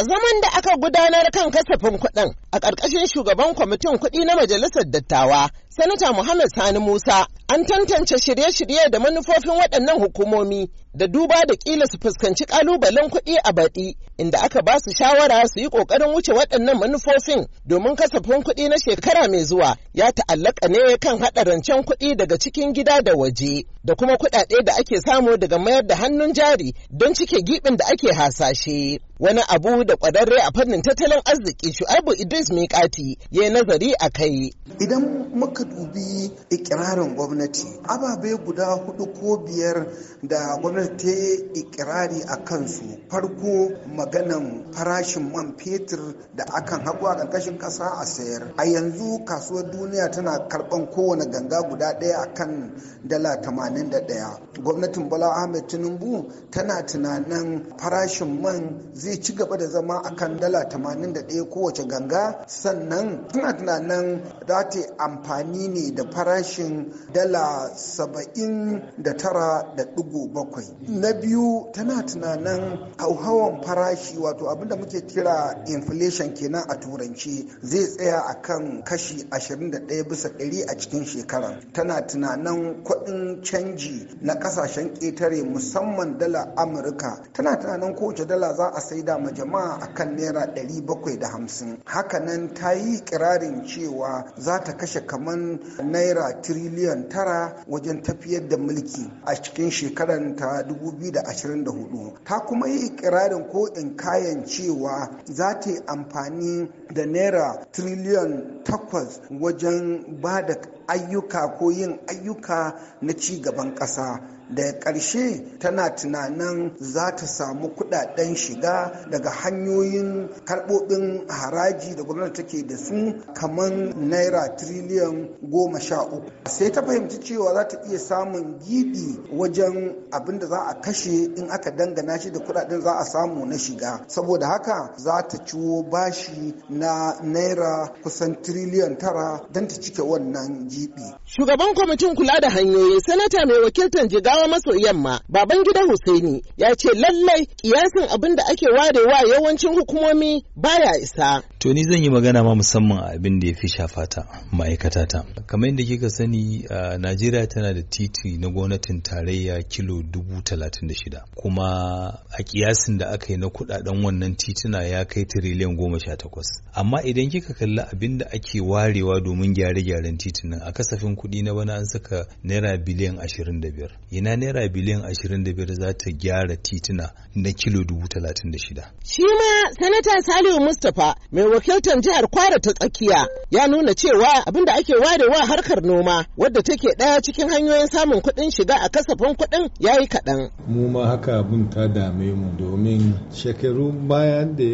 A zaman da aka gudanar kan kasafin kuɗin a ƙarƙashin shugaban kwamitin kuɗi na majalisar dattawa sanata muhammad sani musa an tantance shirye-shirye da manufofin waɗannan hukumomi da duba da ƙila su fuskanci ƙalubalen kuɗi a baɗi inda aka ba su shawara su yi ƙoƙarin wuce waɗannan manufofin domin kasafin kuɗi na shekara mai zuwa ya ta'allaka ne kan haɗa rancen kuɗi daga cikin gida da waje da kuma kuɗaɗe da ake samu daga mayar da hannun jari don cike giɓin da ake hasashe wani abu da ƙwararre a fannin tattalin arziki shu'aibu idris Idris Mikati ya nazari a kai. Idan muka dubi ikirarin gwamnati, ababe guda hudu ko biyar da gwamnati ta ikirari a kansu. Farko maganan farashin man fetur da akan haƙo a ƙarƙashin ƙasa a sayar. A yanzu kasuwar duniya tana karɓan kowane ganga guda ɗaya akan dala tamanin da ɗaya. Gwamnatin Bala Ahmed Tinubu tana tunanin farashin man zai ci gaba da zama akan dala tamanin da ɗaya kowace ganga sannan tana tunanin za ta amfani ne da farashin dala saba'in da tara da ɗigo bakwai na biyu tana tunanin hauhawan farashi wato abinda muke kira inflation kenan a turanci zai tsaya a kan kashi 21 bisa ɗari a cikin shekarar, tana tunanin kuɗin canji na ƙasashen ƙetare musamman dala amurka tana tunanin kowace dala za a saida ma jama'a akan naira 750 haka nan ta yi kirarin cewa za ta kashe kaman naira tiriliyan tara wajen tafiyar da mulki a cikin shekarar ta 2024 ta kuma yi kirarin ko in kayan cewa za ta yi amfani da naira tiriliyan takwas wajen ba da ayyuka ko yin ayyuka na ci gaban ƙasa da ƙarshe tana tunanin za ta samu kudaden shiga daga hanyoyin karbobin haraji da gwamnati take da su kamar naira tiriliyan goma sha uku sai ta fahimci cewa za ta iya samun gidi wajen abin da za a kashe in aka dangana shi da kudaden za a samu na shiga saboda haka za ta ciwo bashi na naira kusan tiriliyan tara don ta cike wannan giɗi Shugaban kwamitin kula da hanyoyi sanata mai wakiltar jigawa maso yamma baban gida Husaini ya ce lallai kiyasin abin da ake warewa yawancin hukumomi baya isa. To ni zan yi magana ma musamman a abin da ya fi shafata ma'aikata ta. Kamar yadda kika sani a Najeriya tana da titi na gwamnatin tarayya kilo dubu talatin da shida kuma a kiyasin da aka yi na kuɗaɗen wannan tituna ya kai tiriliyan goma sha takwas. Amma idan kika kalli abin da ake warewa domin gyare-gyaren titunan a kasafin kuɗi na bana an saka naira biliyan 25 ina naira biliyan 25 za ta gyara tituna na kilo 36 shi ma sanata salihu mustapha mai wakiltar jihar kwara ta tsakiya ya nuna cewa abin da ake warewa harkar noma wadda take ɗaya cikin hanyoyin samun kuɗin shiga a kasafin kuɗin ya yi kaɗan mu ma haka abin ta dame mu domin shekaru bayan da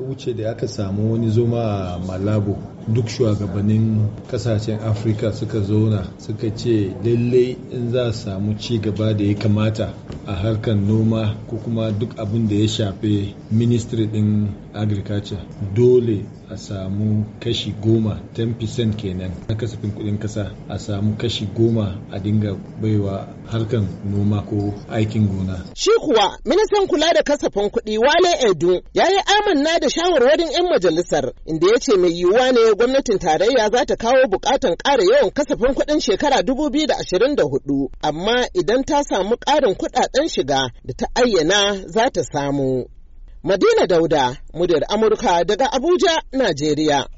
wuce da aka samu wani zoma a malabo duk shugabannin kasashen afirka suka zauna suka ce lallai in za samu ci gaba da ya kamata a harkar noma ko kuma duk abin da ya shafe ministry din agriculture dole a samu kashi goma 10% kenan na kasafin kudin kasa a samu kashi goma a dinga baiwa harkar noma ko aikin gona. Shi kuwa ministan kula da kasafin kuɗi Wale Edu ya yi amanna da shawarwarin 'yan majalisar inda ya ce mai yiwuwa ne gwamnatin tarayya za ta kawo bukatan ƙara yawan kasafin kuɗin shekara hudu amma idan ta samu ƙarin kuɗaɗen shiga da ta ayyana za ta samu. Madina Dauda, muryar Amurka daga Abuja, Najeriya.